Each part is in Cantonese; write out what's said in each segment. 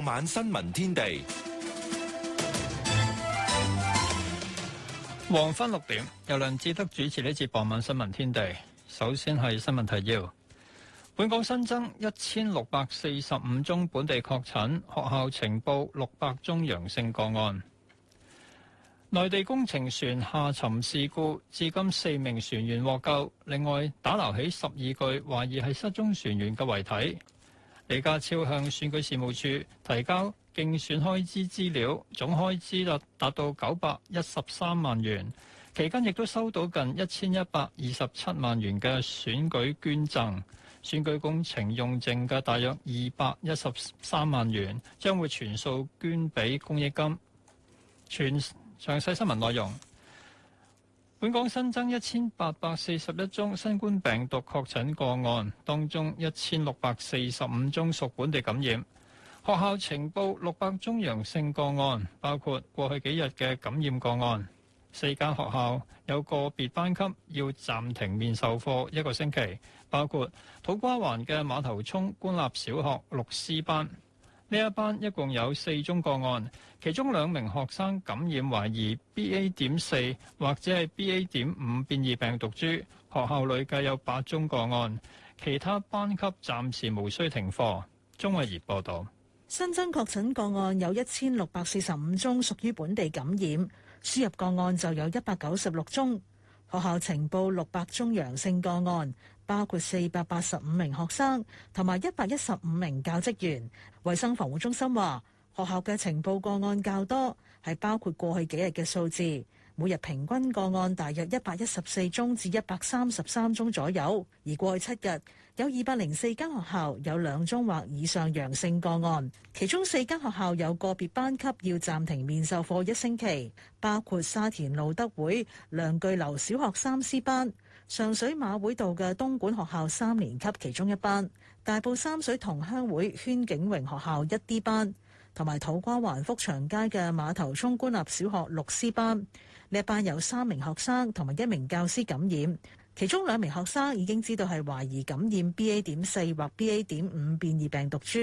傍晚新聞天地，黃昏六點由梁志德主持呢次傍晚新聞天地。首先係新聞提要。本港新增一千六百四十五宗本地確診，學校情報六百宗陽性個案。內地工程船下沉事故，至今四名船員獲救，另外打撈起十二具懷疑係失蹤船員嘅遺體。李家超向選舉事務處提交競選開支資料，總開支率達到九百一十三萬元。期間亦都收到近一千一百二十七萬元嘅選舉捐贈。選舉工程用剩嘅大約二百一十三萬元將會全數捐俾公益金。全詳細新聞內容。本港新增一千八百四十一宗新冠病毒確診個案，當中一千六百四十五宗屬本地感染。學校呈報六百宗陽性個案，包括過去幾日嘅感染個案。四間學校有個別班級要暫停面授課一個星期，包括土瓜灣嘅馬頭涌官立小學六 C 班。呢一班一共有四宗個案，其中兩名學生感染懷疑 B A. 點四或者係 B A. 點五變異病毒株，學校累計有八宗個案，其他班級暫時無需停課。鍾慧儀報道，新增確診個案有一千六百四十五宗屬於本地感染，輸入個案就有一百九十六宗，學校呈報六百宗陽性個案。包括四百八十五名學生同埋一百一十五名教職員，衛生防護中心話，學校嘅情報個案較多，係包括過去幾日嘅數字。每日平均個案大約一百一十四宗至一百三十三宗左右。而過去七日，有二百零四間學校有兩宗或以上陽性個案，其中四間學校有個別班級要暫停面授課一星期，包括沙田路德會梁巨樓小學三 C 班。上水馬會道嘅東莞學校三年級其中一班，大埔三水同鄉會禤景榮學校一 D 班，同埋土瓜灣福祥街嘅馬頭涌官立小學六 C 班，呢一班有三名學生同埋一名教師感染，其中兩名學生已經知道係懷疑感染 BA 點四或 BA 點五變異病毒株，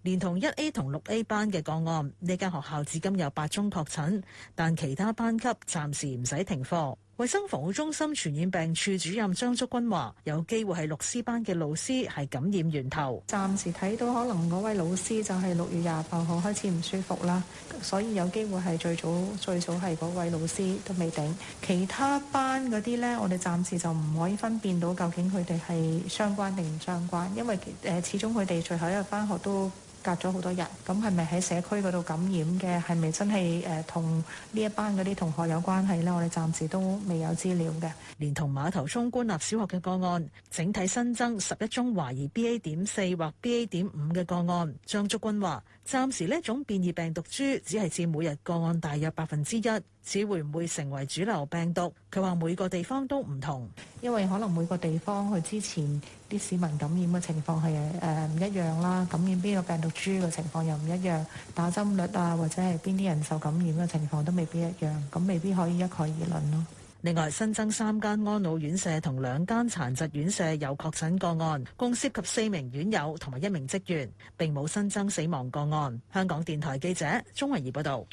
連同一 A 同六 A 班嘅個案。呢間學校至今有八宗確診，但其他班級暫時唔使停課。衛生防護中心傳染病處主任張竹君話：有機會係六師班嘅老師係感染源頭。暫時睇到可能嗰位老師就係六月廿八號開始唔舒服啦，所以有機會係最早最早係嗰位老師都未定。其他班嗰啲呢，我哋暫時就唔可以分辨到究竟佢哋係相關定唔相關，因為誒始終佢哋最後一日返學都。隔咗好多日，咁係咪喺社區嗰度感染嘅？係咪真係誒同呢一班嗰啲同學有關係呢？我哋暫時都未有資料嘅。連同馬頭涌官立小學嘅個案，整體新增十一宗懷疑 BA.4 或 BA.5 嘅個案。張竹君話：暫時呢一種變異病毒株只係佔每日個案大約百分之一。只會唔會成為主流病毒？佢話每個地方都唔同，因為可能每個地方佢之前啲市民感染嘅情況係誒唔一樣啦，感染邊個病毒株嘅情況又唔一樣，打針率啊或者係邊啲人受感染嘅情況都未必一樣，咁未必可以一概而論咯。另外，新增三間安老院舍同兩間殘疾院舍有確診個案，共涉及四名院友同埋一名職員，並冇新增死亡個案。香港電台記者鍾維怡報道。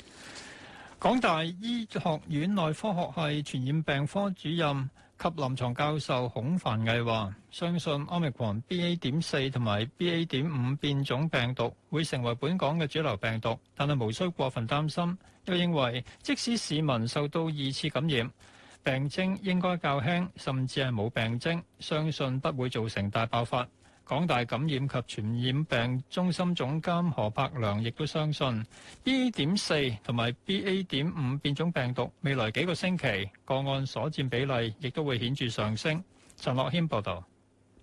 港大醫學院內科學系傳染病科主任及臨床教授孔凡毅話，相信 Omicron BA.4 同埋 BA.5 變種病毒會成為本港嘅主流病毒，但係無需過分擔心。又認為，即使市民受到二次感染，病徵應該較輕，甚至係冇病徵，相信不會造成大爆發。港大感染及傳染病中心總監何柏良亦都相信，B. 點四同埋 BA. 點五變種病毒，未來幾個星期個案所佔比例亦都會顯著上升。陳樂軒報道。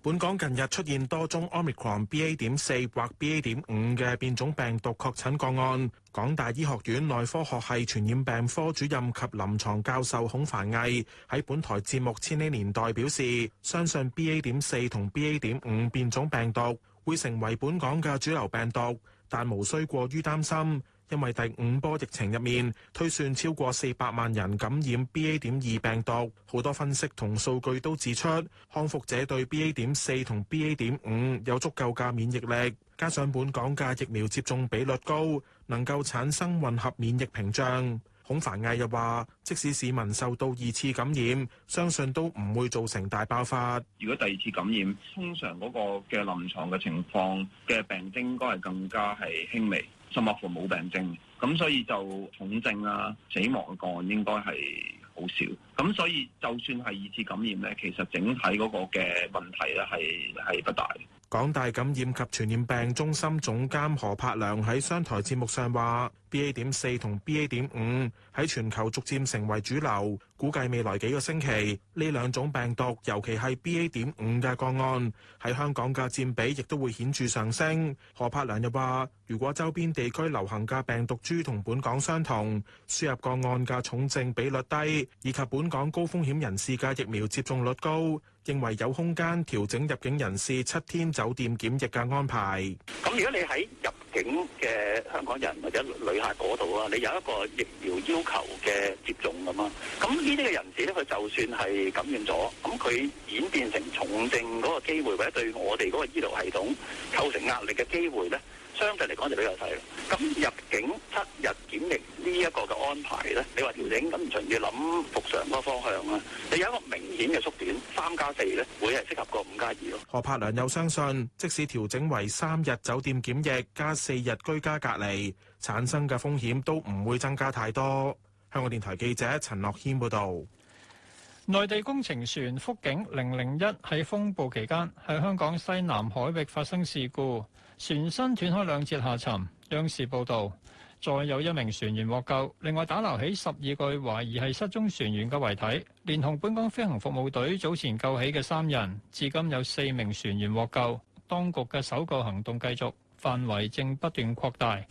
本港近日出現多宗 Omicron BA. 點四或 BA. 點五嘅變種病毒確診個案。港大醫學院內科學系傳染病科主任及臨床教授孔繁毅喺本台節目《千禧年代》表示，相信 BA. 點四同 BA. 點五變種病毒會成為本港嘅主流病毒，但無需過於擔心。因為第五波疫情入面，推算超過四百萬人感染 BA. 點二病毒，好多分析同數據都指出，康復者對 BA. 點四同 BA. 點五有足夠嘅免疫力，加上本港嘅疫苗接種比率高，能夠產生混合免疫屏障。孔繁毅又話，即使市民受到二次感染，相信都唔會造成大爆發。如果第二次感染，通常嗰個嘅臨床嘅情況嘅病徵，應該係更加係輕微。甚至乎冇病徵，咁所以就重症啦、啊，死亡嘅個案應該係好少，咁所以就算係二次感染咧，其實整體嗰個嘅問題咧係係不大。港大感染及傳染病中心總監何柏良喺商台節目上話：BA.4 同 BA.5 喺全球逐漸成為主流，估計未來幾個星期呢兩種病毒，尤其係 BA.5 嘅個案，喺香港嘅佔比亦都會顯著上升。何柏良又話：如果周邊地區流行嘅病毒株同本港相同，輸入個案嘅重症比率低，以及本港高風險人士嘅疫苗接種率高。認為有空間調整入境人士七天酒店檢疫嘅安排。咁如果你喺入境嘅香港人或者旅客嗰度啦，你有一個疫苗要求嘅接種吖嘛，咁呢啲嘅人士咧，佢就算係感染咗，咁佢演變成重症嗰個機會，或者對我哋嗰個醫療系統構成壓力嘅機會咧，相對嚟講就比較細咯。咁入境七日檢疫呢一個嘅安排咧，你話調整咁，唔仲要諗復常嗰個方向啦。你有一個明顯嘅縮短，三加四咧，會係適合過五加二咯。何柏良又相信，即使調整為三日酒店檢疫加四日居家隔離，產生嘅風險都唔會增加太多。香港電台記者陳樂軒報導。內地工程船福景零零一喺風暴期間喺香港西南海域發生事故，船身斷開兩節下沉。央視報導，再有一名船員獲救，另外打撈起十二具懷疑係失蹤船員嘅遺體，連同本港飛行服務隊早前救起嘅三人，至今有四名船員獲救。當局嘅搜救行動繼續，範圍正不斷擴大。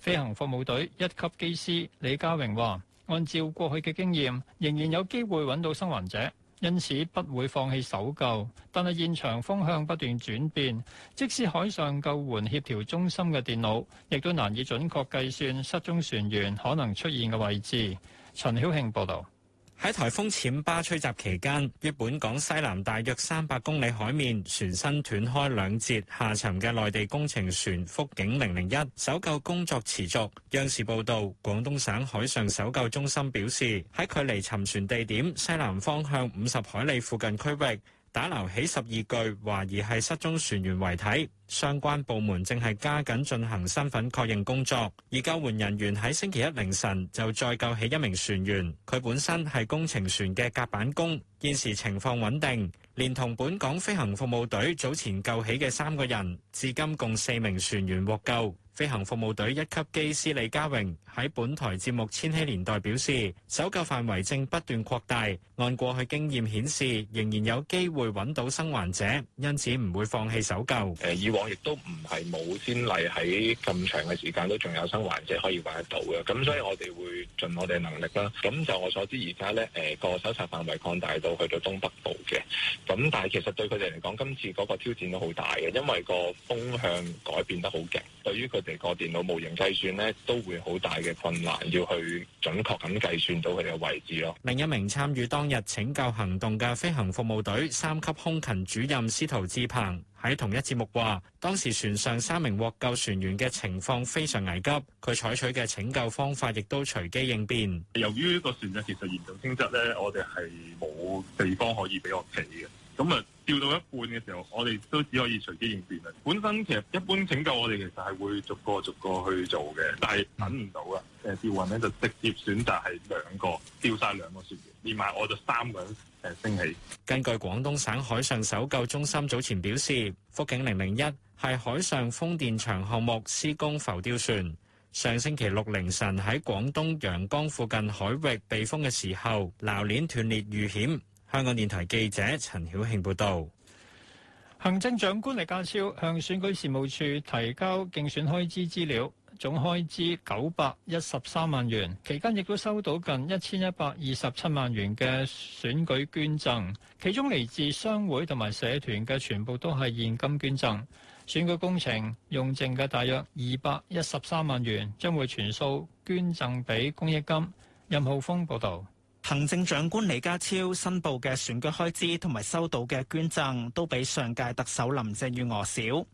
飛行服務隊一級機師李家榮話。按照過去嘅經驗，仍然有機會揾到生還者，因此不會放棄搜救。但係現場風向不斷轉變，即使海上救援協調中心嘅電腦，亦都難以準確計算失蹤船員可能出現嘅位置。陳曉慶報道。喺颱風暹芭吹襲期間，於本港西南大約三百公里海面，船身斷開兩截下沉嘅內地工程船福景零零一，搜救工作持續。央視報導，廣東省海上搜救中心表示，喺距離沉船地點西南方向五十海里附近區域，打撈起十二具懷疑係失蹤船員遺體，相關部門正係加緊進行身份確認工作。而救援人員喺星期一凌晨就再救起一名船員，佢本身係工程船嘅甲板工，現時情況穩定。連同本港飛行服務隊早前救起嘅三個人，至今共四名船員獲救。飛行服務隊一級機師李家榮喺本台節目《千禧年代》表示，搜救範圍正不斷擴大，按過去經驗顯示，仍然有機會揾到生還者，因此唔會放棄搜救。誒，以往亦都唔係冇先例喺咁長嘅時間都仲有生還者可以揾得到嘅，咁所以我哋會盡我哋嘅能力啦。咁就我所知，而家咧誒，個搜查範圍擴大到去到東北部嘅，咁但係其實對佢哋嚟講，今次嗰個挑戰都好大嘅，因為個風向改變得好勁，對於佢哋。個電腦模型計算呢，都會好大嘅困難，要去準確咁計算到佢哋嘅位置咯。另一名參與當日拯救行動嘅飛行服務隊三級空勤主任司徒志鵬喺同一節目話，當時船上三名獲救船員嘅情況非常危急，佢採取嘅拯救方法亦都隨機應變。由於呢個船隻，其實嚴重傾側呢，我哋係冇地方可以俾我企嘅。咁啊，掉到一半嘅時候，我哋都只可以隨機應變啦！本身其實一般拯救我哋其實係會逐個逐個去做嘅，但係等唔到啊！誒，吊運咧就直接選擇係兩個吊曬兩個船員，連埋我就三個人，誒升起。根據廣東省海上搜救中心早前表示，福景零零一係海上風電場項目施工浮吊船，上星期六凌晨喺廣東陽江附近海域避風嘅時候，纜鏈斷裂遇險。香港電台記者陳曉慶報道，行政長官李家超向選舉事務處提交競選開支資料，總開支九百一十三萬元，期間亦都收到近一千一百二十七萬元嘅選舉捐贈，其中嚟自商會同埋社團嘅全部都係現金捐贈。選舉工程用剩嘅大約二百一十三萬元，將會全數捐贈俾公益金。任浩峰報道。行政長官李家超申報嘅選舉開支同埋收到嘅捐贈，都比上屆特首林鄭月娥少。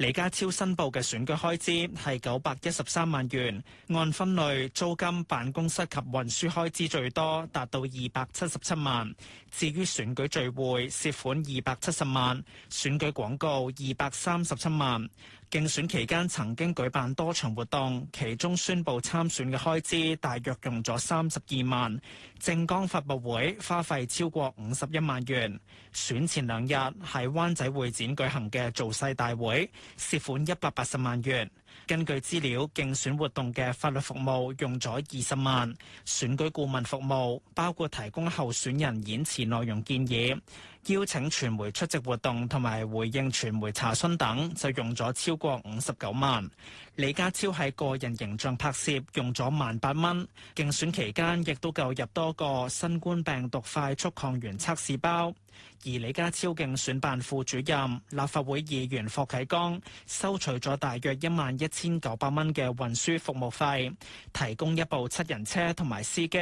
李家超申報嘅選舉開支係九百一十三萬元，按分類，租金、辦公室及運輸開支最多，達到二百七十七萬。至於選舉聚會，涉款二百七十萬；選舉廣告，二百三十七萬。競選期間曾經舉辦多場活動，其中宣布參選嘅開支大約用咗三十二萬。政綱發布會花費超過五十一萬元。選前兩日喺灣仔會展舉行嘅造勢大會，涉款一百八十萬元。根據資料，競選活動嘅法律服務用咗二十萬，選舉顧問服務包括提供候選人演辭內容建議、邀請傳媒出席活動同埋回應傳媒查詢等，就用咗超過五十九萬。李家超喺個人形象拍攝用咗萬八蚊，競選期間亦都購入多個新冠病毒快速抗原測試包。而李家超競選辦副主任、立法會議員霍啟剛收取咗大約一萬一千九百蚊嘅運輸服務費，提供一部七人車同埋司機，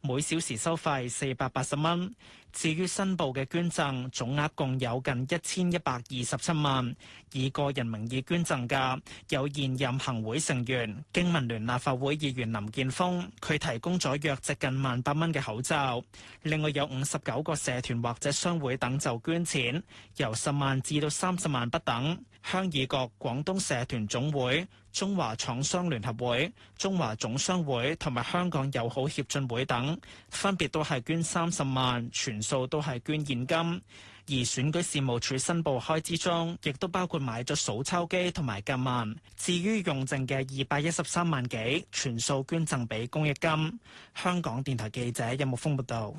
每小時收費四百八十蚊。至於申報嘅捐贈總額共有近一千一百二十七萬，以個人名義捐贈嘅有現任行會成員、經民聯立法會議員林健鋒，佢提供咗約值近萬八蚊嘅口罩。另外有五十九個社團或者商會等就捐錢，由十萬至到三十萬不等。鄉議局、廣東社團總會、中華廠商聯合會、中華總商會同埋香港友好協進會等，分別都係捐三十萬，全數都係捐現金。而選舉事務處申報開支中，亦都包括買咗數鈔機同埋夾萬。至於用剩嘅二百一十三萬幾，全數捐贈俾公益金。香港電台記者任木峯報道，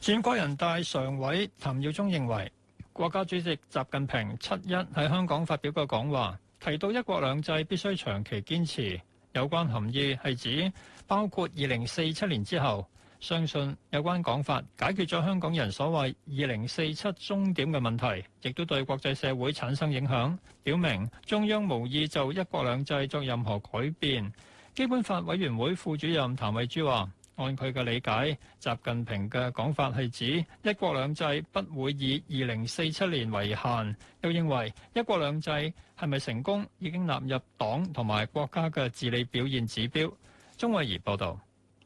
全國人大常委譚耀宗認為，國家主席習近平七一喺香港發表過講話。提到一國兩制必須長期堅持，有關含義係指包括二零四七年之後，相信有關講法解決咗香港人所謂二零四七終點嘅問題，亦都對國際社會產生影響，表明中央無意就一國兩制作任何改變。基本法委員會副主任譚慧珠話。按佢嘅理解，習近平嘅講法係指一國兩制不會以二零四七年為限。又認為一國兩制係咪成功已經納入黨同埋國家嘅治理表現指標。鍾慧儀報道。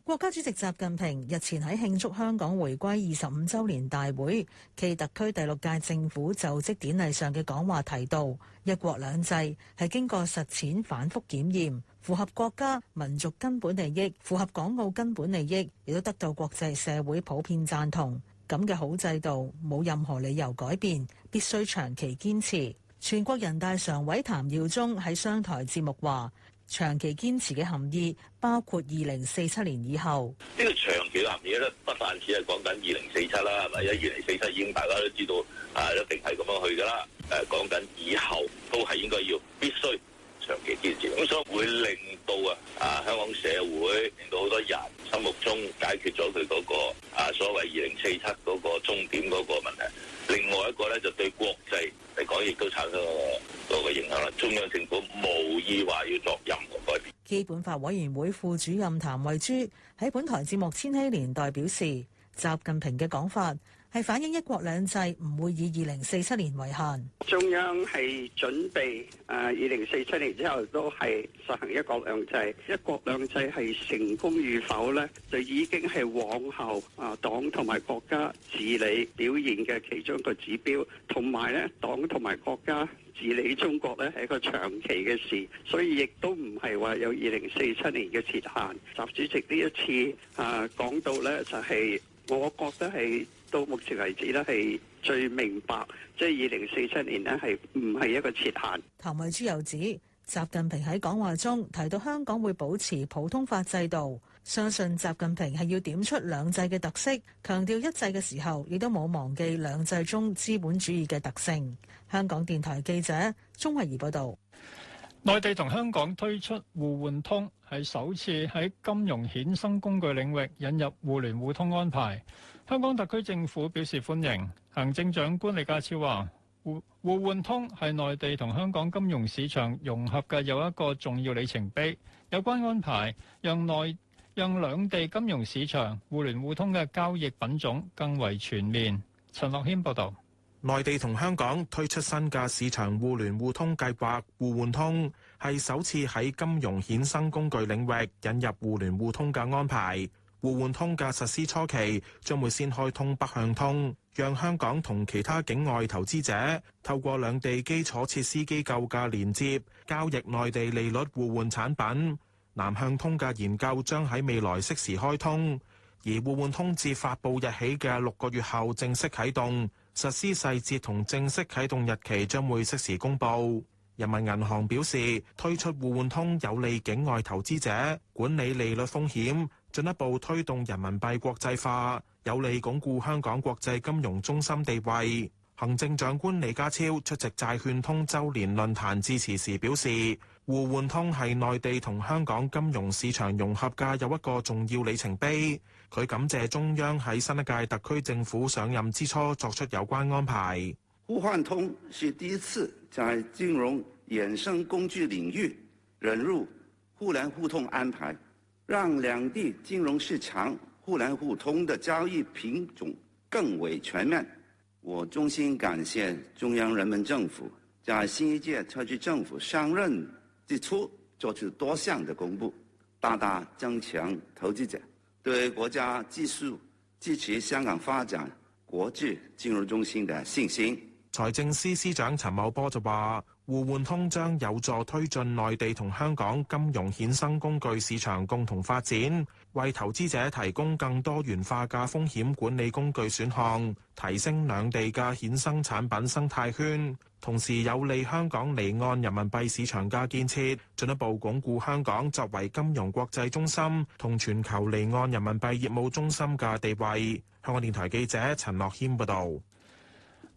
國家主席習近平日前喺慶祝香港回歸二十五周年大會暨特區第六屆政府就職典禮上嘅講話提到，一國兩制係經過實踐反覆檢驗符合國家民族根本利益，符合港澳根本利益，亦都得到國際社會普遍贊同。咁嘅好制度，冇任何理由改變，必須長期堅持。全國人大常委譚耀宗喺商台節目話：長期堅持嘅含義包括二零四七年以後。呢個長期嘅含義咧，不單止係講緊二零四七啦，係咪？因為二零四七已經大家都知道，係一定係咁樣去噶啦。誒，講緊以後都係應該要必須。長期支持，咁所以會令到啊啊香港社會令到好多人心目中解決咗佢嗰個啊所謂二零四七嗰個終點嗰個問題。另外一個咧就對國際嚟講，亦都產生個個影響啦。中央政府冇意話要作任何改變。基本法委員會副主任譚慧珠喺本台節目《千禧年代》表示，習近平嘅講法。係反映一國兩制唔會以二零四七年為限。中央係準備誒，二零四七年之後都係實行一國兩制。一國兩制係成功與否咧，就已經係往後啊黨同埋國家治理表現嘅其中一個指標。同埋咧，黨同埋國家治理中國咧係一個長期嘅事，所以亦都唔係話有二零四七年嘅設限。習主席呢一次啊講到咧，就係我覺得係。到目前為止咧，係最明白，即係二零四七年呢係唔係一個切限。唐慧珠又指，習近平喺講話中提到香港會保持普通法制度，相信習近平係要點出兩制嘅特色，強調一制嘅時候，亦都冇忘記兩制中資本主義嘅特性。香港電台記者鍾慧儀報道。內地同香港推出互換通係首次喺金融衍生工具領域引入互聯互通安排。香港特區政府表示歡迎，行政長官李家超話，互互換通係內地同香港金融市場融合嘅又一個重要里程碑。有關安排，讓內讓兩地金融市場互聯互通嘅交易品種更為全面。陳樂軒報導，內地同香港推出新嘅市場互聯互通計劃——互換通，係首次喺金融衍生工具領域引入互聯互通嘅安排。互換通嘅實施初期，將會先開通北向通，讓香港同其他境外投資者透過兩地基礎設施機構嘅連接交易內地利率互換產品。南向通嘅研究將喺未來適時開通，而互換通自發布日起嘅六個月後正式啟動。實施細節同正式啟動日期將會適時公布。人民銀行表示，推出互換通有利境外投資者管理利率風險。進一步推動人民幣國際化，有利鞏固香港國際金融中心地位。行政長官李家超出席債券通周年論壇致辭時表示，互換通係內地同香港金融市場融合嘅又一個重要里程碑。佢感謝中央喺新一屆特區政府上任之初作出有關安排。互換通是第一次在金融衍生工具領域引入互聯互通安排。讓兩地金融市場互聯互通的交易品種更為全面。我衷心感謝中央人民政府在新一屆特區政府上任之初作出多項的公布，大大增強投資者對國家繼續支持香港發展國際金融中心的信心。財政司司長陳茂波就話。互換通將有助推進內地同香港金融衍生工具市場共同發展，為投資者提供更多元化嘅風險管理工具選項，提升兩地嘅衍生產品生態圈，同時有利香港離岸人民幣市場嘅建設，進一步鞏固香港作為金融國際中心同全球離岸人民幣業務中心嘅地位。香港電台記者陳樂軒報導。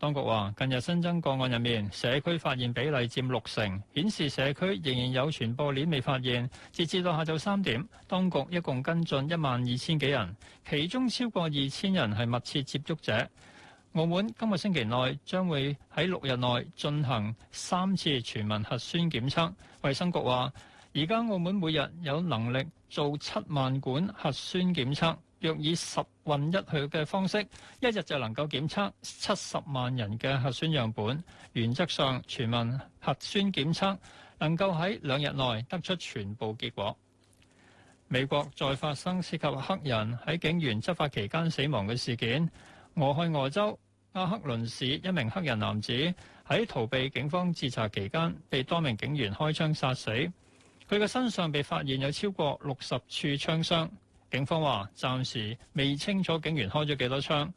當局話，近日新增個案入面，社區發現比例佔六成，顯示社區仍然有傳播鏈未發現。截至到下晝三點，當局一共跟進一萬二千幾人，其中超過二千人係密切接觸者。澳門今個星期內將會喺六日內進行三次全民核酸檢測。衛生局話，而家澳門每日有能力做七萬管核酸檢測。若以十運一去嘅方式，一日就能夠檢測七十萬人嘅核酸樣本。原則上，全民核酸檢測能夠喺兩日內得出全部結果。美國再發生涉及黑人喺警員執法期間死亡嘅事件。俄亥俄州阿克倫市一名黑人男子喺逃避警方截查期間被多名警員開槍殺死，佢嘅身上被發現有超過六十處槍傷。警方話暫時未清楚警員開咗幾多槍，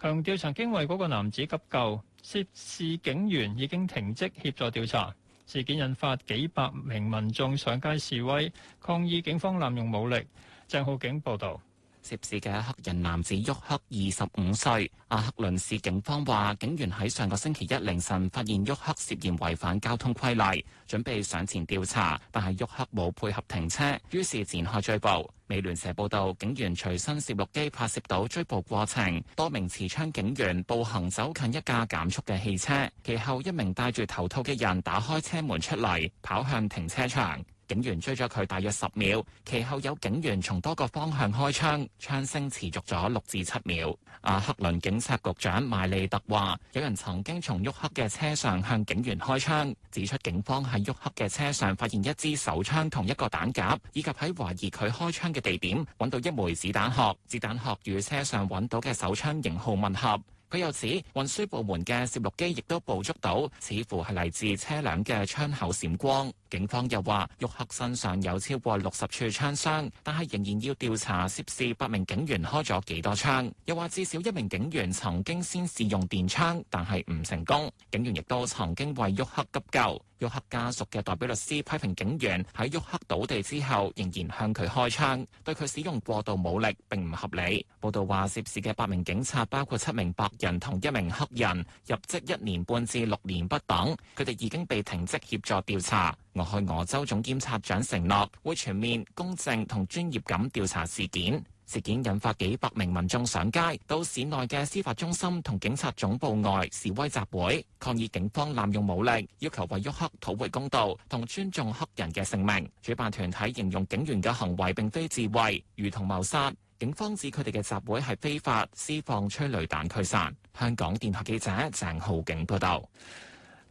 強調曾經為嗰個男子急救。涉事警員已經停職協助調查。事件引發幾百名民眾上街示威，抗議警方濫用武力。鄭浩景報道：「涉事嘅黑人男子沃克二十五歲。阿克倫市警方話警員喺上個星期一凌晨發現沃克涉嫌違反交通規例，準備上前調查，但係沃克冇配合停車，於是展開追捕。美聯社報道，警員隨身攝錄機拍攝到追捕過程，多名持槍警員步行走近一架減速嘅汽車，其後一名戴住頭套嘅人打開車門出嚟，跑向停車場，警員追咗佢大約十秒，其後有警員從多個方向開槍，槍聲持續咗六至七秒。阿克倫警警察局長邁利特話：有人曾經從沃克嘅車上向警員開槍，指出警方喺沃克嘅車上發現一支手槍同一個彈夾，以及喺懷疑佢開槍嘅地點揾到一枚子彈殼，子彈殼與車上揾到嘅手槍型號吻合。佢又指運輸部門嘅攝錄機亦都捕捉到，似乎係嚟自車輛嘅窗口閃光。警方又話，沃克身上有超過六十處槍傷，但係仍然要調查涉事八名警員開咗幾多槍。又話至少一名警員曾經先試用電槍，但係唔成功。警員亦都曾經為沃克急救。沃克家屬嘅代表律師批評警員喺沃克倒地之後仍然向佢開槍，對佢使用過度武力並唔合理。報道話，涉事嘅八名警察包括七名白人同一名黑人，入職一年半至六年不等，佢哋已經被停職協助調查。俄亥俄州總檢察長承諾會全面、公正同專業咁調查事件。事件引發幾百名民眾上街，到市內嘅司法中心同警察總部外示威集會，抗議警方濫用武力，要求為約克討回公道同尊重黑人嘅性命。主辦團體形容警員嘅行為並非自衞，如同謀殺。警方指佢哋嘅集會係非法，施放催淚彈驅散。香港電台記者鄭浩景報道。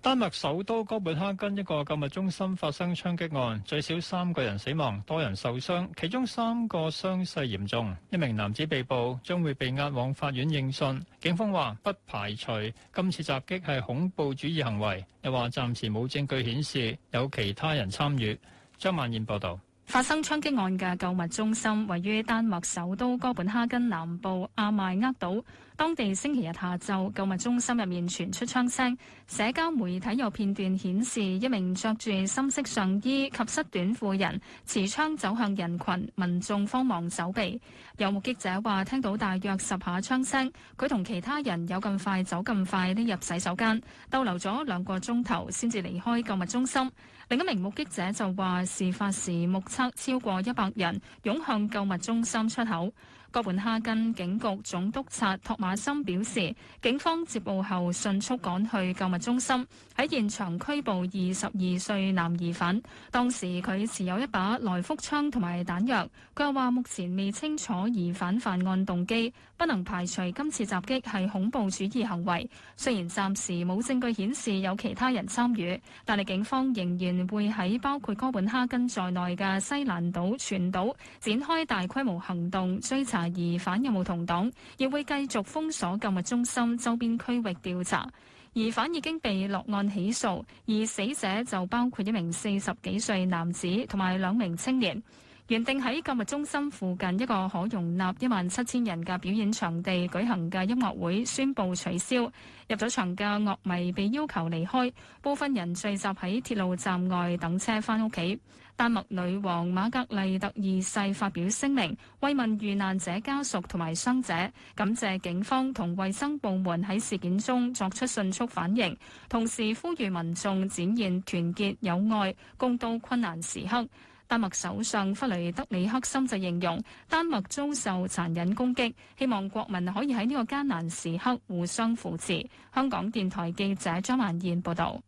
丹麥首都哥本哈根一個購物中心發生槍擊案，最少三個人死亡，多人受傷，其中三個傷勢嚴重。一名男子被捕，將會被押往法院應訊，警方話不排除今次襲擊係恐怖主義行為，又話暫時冇證據顯示有其他人參與，張萬燕報道。發生槍擊案嘅購物中心位於丹麥首都哥本哈根南部阿邁厄島。當地星期日下晝，購物中心入面傳出槍聲。社交媒體有片段顯示一名着住深色上衣及膝短褲人持槍走向人群，民眾慌忙走避。有目擊者話聽到大約十下槍聲，佢同其他人有咁快走咁快匿入洗手間，逗留咗兩個鐘頭先至離開購物中心。另一名目擊者就話，事發時目測超過一百人湧向購物中心出口。哥本哈根警局總督察托馬森表示，警方接報後迅速趕去購物中心，喺現場拘捕二十二歲男疑犯。當時佢持有一把來福槍同埋彈藥。佢又話，目前未清楚疑犯犯犯案動機，不能排除今次襲擊係恐怖主義行為。雖然暫時冇證據顯示有其他人參與，但係警方仍然會喺包括哥本哈根在內嘅西蘭島全島展開大規模行動追查。疑犯有冇同黨，亦會繼續封鎖購物中心周邊區域調查。疑犯已經被落案起訴，而死者就包括一名四十幾歲男子同埋兩名青年。原定喺購物中心附近一個可容納一萬七千人嘅表演場地舉行嘅音樂會宣布取消，入咗場嘅樂迷被要求離開，部分人聚集喺鐵路站外等車翻屋企。丹麥女王瑪格麗特二世發表聲明，慰問遇難者家屬同埋傷者，感謝警方同衛生部門喺事件中作出迅速反應，同時呼籲民眾展現團結友愛，共度困難時刻。丹麥首相弗雷德里克森就形容丹麥遭受殘忍攻擊，希望國民可以喺呢個艱難時刻互相扶持。香港電台記者張曼燕報道。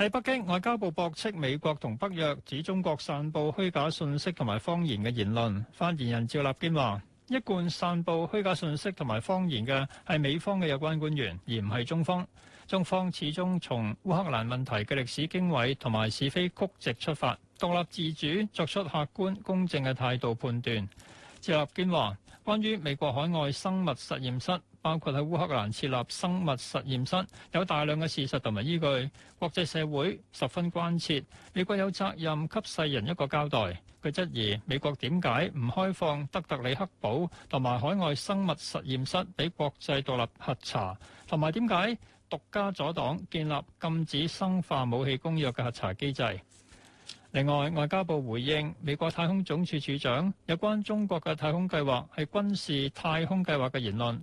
喺北京，外交部駁斥美國同北約指中國散布虛假信息同埋謊言嘅言論，發言人趙立堅話，一貫散布虛假信息同埋謊言嘅係美方嘅有關官員，而唔係中方。中方始終從烏克蘭問題嘅歷史經緯同埋是非曲直出發，獨立自主作出客觀公正嘅態度判斷。趙立堅話，關於美國海外生物實驗室。包括喺烏克蘭設立生物實驗室，有大量嘅事實同埋依據，國際社會十分關切，美國有責任給世人一個交代。佢質疑美國點解唔開放德特里克堡同埋海外生物實驗室俾國際獨立核查，同埋點解獨家阻擋建立禁止生化武器公約嘅核查機制？另外，外交部回應美國太空總署署長有關中國嘅太空計劃係軍事太空計劃嘅言論。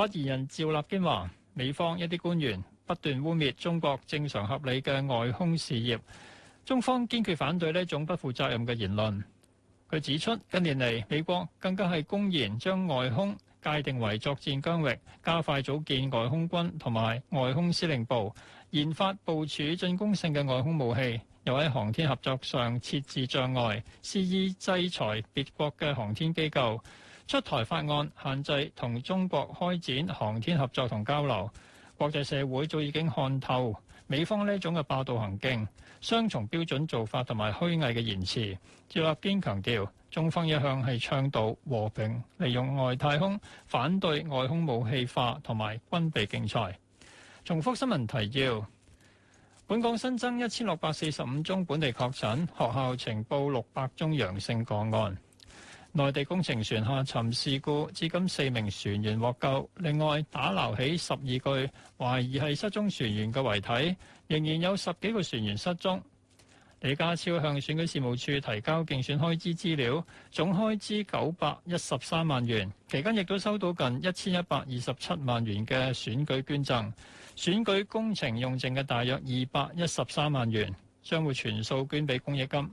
發言人趙立堅話：美方一啲官員不斷污蔑中國正常合理嘅外空事業，中方堅決反對呢種不負責任嘅言論。佢指出，近年嚟美國更加係公然將外空界定為作戰疆域，加快組建外空軍同埋外空司令部，研發部署進攻性嘅外空武器，又喺航天合作上設置障礙，肆意制裁別國嘅航天機構。出台法案限制同中國開展航天合作同交流，國際社會早已經看透美方呢種嘅霸道行徑雙重標準做法同埋虛偽嘅言辭。趙立堅強調，中方一向係倡導和平，利用外太空反對外空武器化同埋軍備競賽。重複新聞提要：本港新增一千六百四十五宗本地確診學校呈報六百宗陽性個案。內地工程船下沉事故，至今四名船員獲救。另外，打撈起十二具懷疑係失蹤船員嘅遺體，仍然有十幾個船員失蹤。李家超向選舉事務處提交競選開支資料，總開支九百一十三萬元，期間亦都收到近一千一百二十七萬元嘅選舉捐贈。選舉工程用剩嘅大約二百一十三萬元，將會全數捐俾公益金。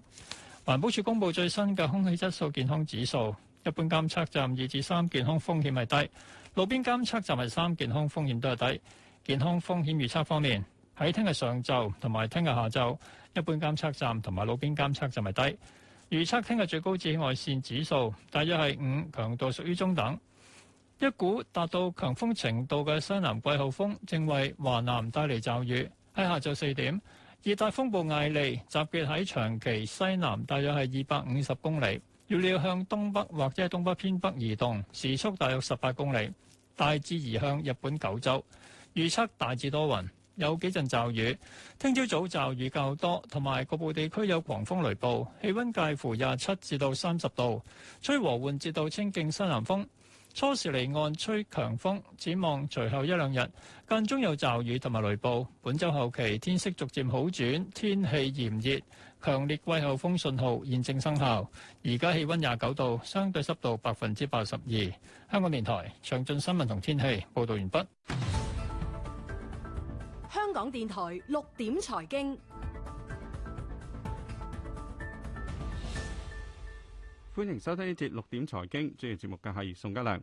環保署公布最新嘅空氣質素健康指數，一般監測站二至三健康風險係低，路邊監測站係三健康風險都係低。健康風險預測方面，喺聽日上晝同埋聽日下晝，一般監測站同埋路邊監測站係低。預測聽日最高紫外線指數大約係五，強度屬於中等。一股達到強風程度嘅西南季候風正為華南帶嚟驟雨，喺下晝四點。熱帶風暴艾利集結喺長期西南，大約係二百五十公里，預料向東北或者係東北偏北移動，時速大約十八公里，大致移向日本九州。預測大致多雲，有幾陣驟雨。聽朝早驟雨較多，同埋局部地區有狂風雷暴。氣温介乎廿七至到三十度，吹和緩至到清勁西南風。初時離岸吹強風，展望隨後一兩日間中有驟雨同埋雷暴。本週後期天色逐漸好轉，天氣炎熱，強烈季候風信號現正生效。而家氣温廿九度，相對濕度百分之八十二。香港電台詳盡新聞同天氣報導完畢。香港電台六點財經。歡迎收聽呢節六點財經，主持節目嘅係宋嘉良。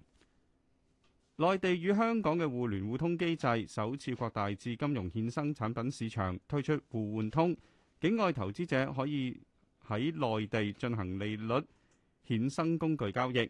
內地與香港嘅互聯互通機制首次擴大至金融衍生產品市場，推出互換通，境外投資者可以喺內地進行利率衍生工具交易。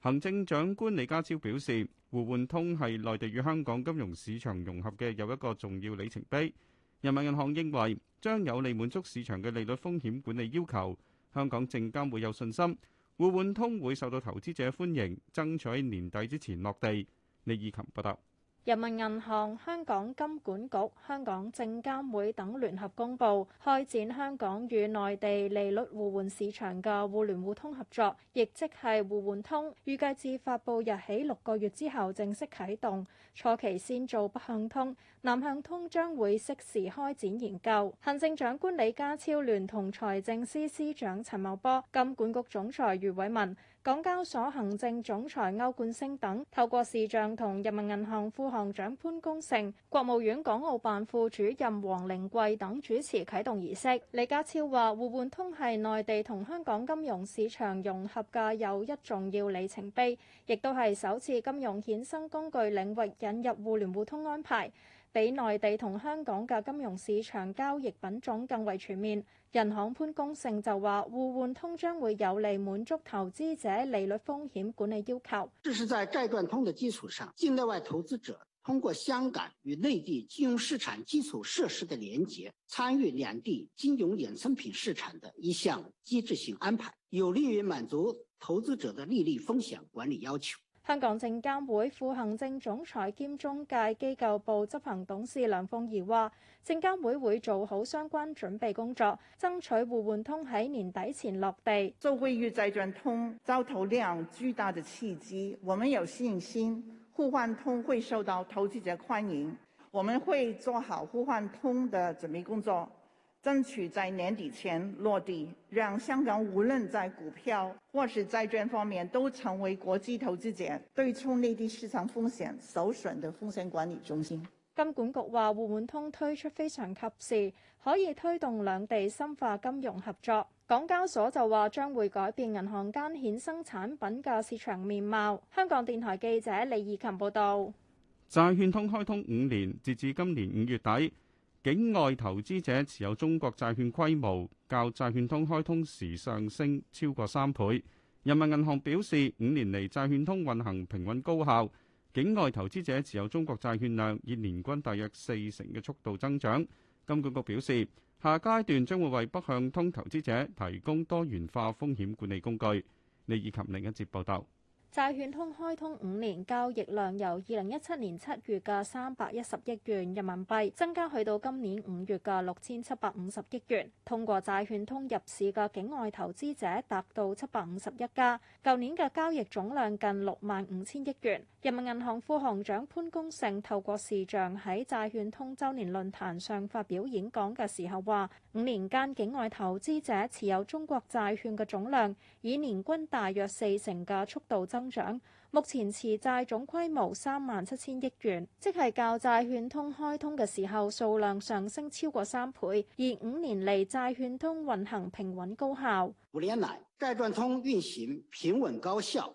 行政長官李家超表示，互換通係內地與香港金融市場融合嘅又一個重要里程碑。人民銀行認為，將有利滿足市場嘅利率風險管理要求，香港證監會有信心，互換通會受到投資者歡迎，爭取喺年底之前落地。李以琴報道。人民銀行、香港金管局、香港證監會等聯合公布，開展香港與內地利率互換市場嘅互聯互通合作，亦即係互換通，預計自發佈日起六個月之後正式啟動，初期先做北向通，南向通將會適時開展研究。行政長官李家超聯同財政司司司長陳茂波、金管局總裁余偉文。港交所行政總裁歐冠升等透過視像同人民銀行副行長潘功勝、國務院港澳辦副主任黃凌貴等主持啟動儀式。李家超話：互換通係內地同香港金融市場融合嘅又一重要里程碑，亦都係首次金融衍生工具領域引入互聯互通安排。比內地同香港嘅金融市場交易品種更為全面，人行潘功勝就話：互換通將會有利滿足投資者利率風險管理要求。這是在債券通的基礎上，境內外投資者通過香港與內地金融市場基礎設施的連接，參與兩地金融衍生品市場的一項機制性安排，有利於滿足投資者的利率風險管理要求。香港證監會副行政總裁兼中介機構部執行董事梁鳳儀話，證監會會做好相關準備工作，爭取互換通喺年底前落地。作為債券通，招投量巨大嘅契機，我們有信心互換通會受到投資者歡迎，我們會做好互換通的準備工作。爭取在年底前落地，讓香港無論在股票或是債券方面都成為國際投資者對沖內地市場風險，首選的風險管理中心。金管局話互換通推出非常及時，可以推動兩地深化金融合作。港交所就話將會改變銀行間衍生產品嘅市場面貌。香港電台記者李以琴報道。債券通開通五年，截至今年五月底，境外投資者持有中國債券規模，較債券通開通時上升超過三倍。人民銀行表示，五年嚟債券通運行平穩高效，境外投資者持有中國債券量以年均大約四成嘅速度增長。金管局表示，下階段將會為北向通投資者提供多元化風險管理工具。你以及另一節報道。債券通開通五年，交易量由二零一七年七月嘅三百一十億元人民幣增加去到今年五月嘅六千七百五十億元。通過債券通入市嘅境外投資者達到七百五十一家，舊年嘅交易總量近六萬五千億元。人民銀行副行長潘功勝透過視像喺債券通周年論壇上發表演講嘅時候話：五年間境外投資者持有中國債券嘅總量以年均大約四成嘅速度增長，目前持債總規模三萬七千億元，即係較債券通開通嘅時候數量上升超過三倍。而五年嚟債券通運行平穩高效。五年嚟債券通運行平穩高效。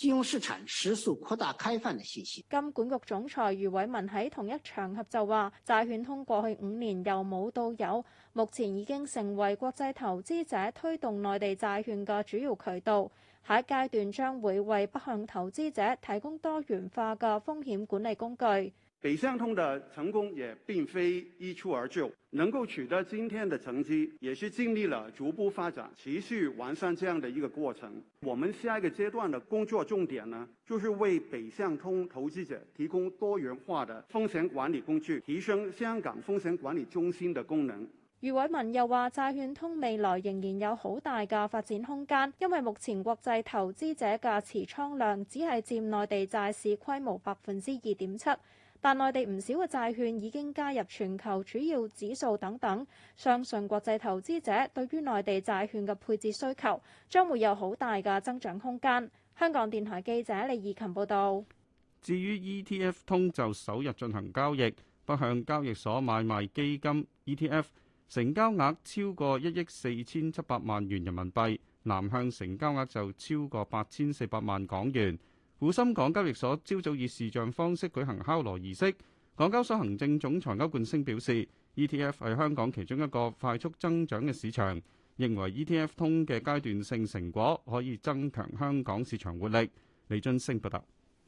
金融市場持續擴大開放嘅信息。金管局總裁余偉文喺同一場合就話，債券通過去五年由冇到有，目前已經成為國際投資者推動內地債券嘅主要渠道。下一階段將會為北向投資者提供多元化嘅風險管理工具。北向通的成功也並非一蹴而就，能夠取得今天的成績，也是經歷了逐步發展、持續完善這樣的一個過程。我們下一個階段的工作重點呢，就是為北向通投資者提供多元化的風險管理工具，提升香港風險管理中心的功能。余偉文又話債券通未來仍然有好大嘅發展空間，因為目前國際投資者嘅持倉量只係佔內地債市規模百分之二點七。但內地唔少嘅債券已經加入全球主要指數等等，相信國際投資者對於內地債券嘅配置需求將會有好大嘅增長空間。香港電台記者李義勤報道，至於 ETF 通就首日進行交易，北向交易所買賣基金 ETF 成交額超過一億四千七百萬元人民幣，南向成交額就超過八千四百萬港元。滬深港交易所朝早以視像方式舉行敲鑼儀式。港交所行政總裁歐冠升表示，ETF 係香港其中一個快速增長嘅市場，認為 ETF 通嘅階段性成果可以增強香港市場活力。李津升報道。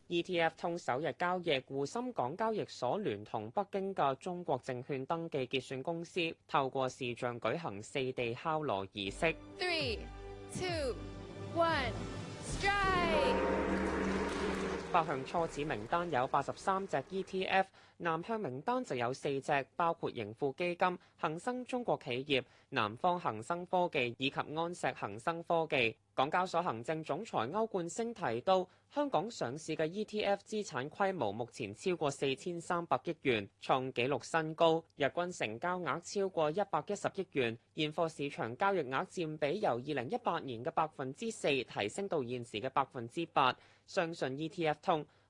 ETF 通首日交易，滬深港交易所聯同北京嘅中國證券登記結算公司透過視像舉行四地敲鑼儀式。Three, two, one, strike. 北向初始名單有八十三隻 ETF，南向名單就有四隻，包括盈富基金、恒生中國企業，南方恒生科技以及安石恒生科技，港交所行政總裁歐冠昇提到，香港上市嘅 ETF 資產規模目前超過四千三百億元，創紀錄新高，日均成交額超過一百一十億元，現貨市場交易額佔比由二零一八年嘅百分之四提升到現時嘅百分之八，相信 ETF 通。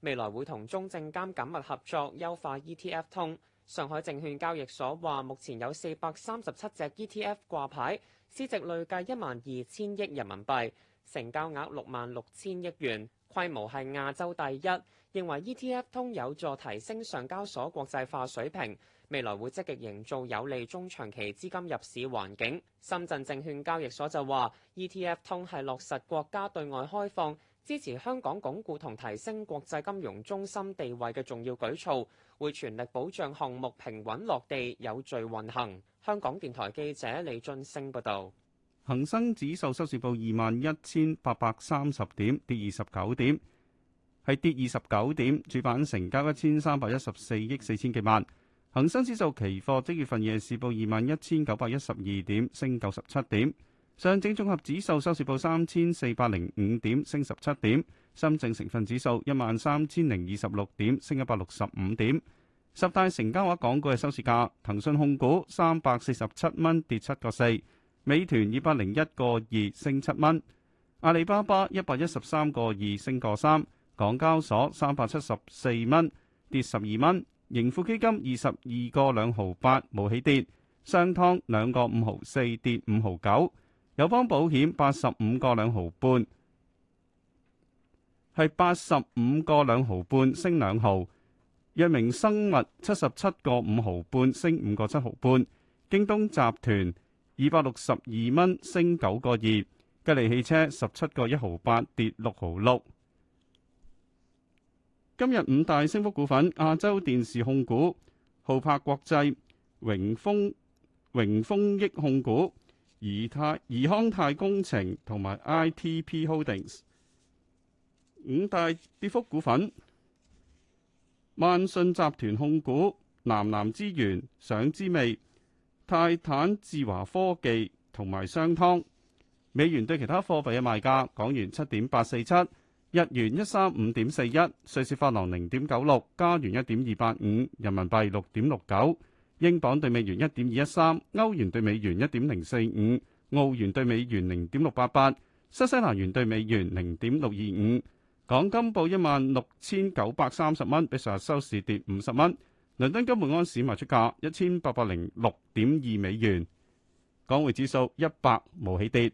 未來會同中證監緊密合作，優化 ETF 通。上海證券交易所話，目前有四百三十七隻 ETF 掛牌，市值累計一萬二千億人民幣，成交額六萬六千億元，規模係亞洲第一。認為 ETF 通有助提升上交所國際化水平，未來會積極營造有利中長期資金入市環境。深圳證券交易所就話，ETF 通係落實國家對外開放。支持香港鞏固同提升國際金融中心地位嘅重要舉措，會全力保障項目平穩落地、有序運行。香港電台記者李俊升報道。恒生指數收市報二萬一千八百三十點，跌二十九點，係跌二十九點。主板成交一千三百一十四億四千幾萬。恒生指數期貨即月份夜市報二萬一千九百一十二點，升九十七點。上證綜合指數收市報三千四百零五點，升十七點。深證成分指數一萬三千零二十六點，升一百六十五點。十大成交額港股嘅收市價：騰訊控股三百四十七蚊，跌七個四；美團二百零一個二，升七蚊；阿里巴巴一百一十三個二，升個三；港交所三百七十四蚊，跌十二蚊；盈富基金二十二個兩毫八，冇起跌；商湯兩個五毫四，跌五毫九。友邦保險八十五個兩毫半，係八十五個兩毫半升兩毫。藥明生物七十七個五毫半升五個七毫半。京東集團二百六十二蚊升九個二。吉利汽車十七個一毫八跌六毫六。今日五大升幅股份：亞洲電視控股、豪柏國際、榮豐、榮豐益控股、怡泰、怡康泰工程同埋 ITP Holdings 五大跌幅股份：萬信集團控股、南南資源、上之味、泰坦智華科技同埋商湯。美元對其他貨幣嘅賣價：港元七點八四七，日元一三五點四一，瑞士法郎零點九六，加元一點二八五，人民幣六點六九。英鎊兌美元一點二一三，歐元兌美元一點零四五，澳元兌美元零點六八八，新西蘭元兌美元零點六二五。港金報一萬六千九百三十蚊，比上日收市跌五十蚊。倫敦金每安士賣出價一千八百零六點二美元。港匯指數一百，無起跌。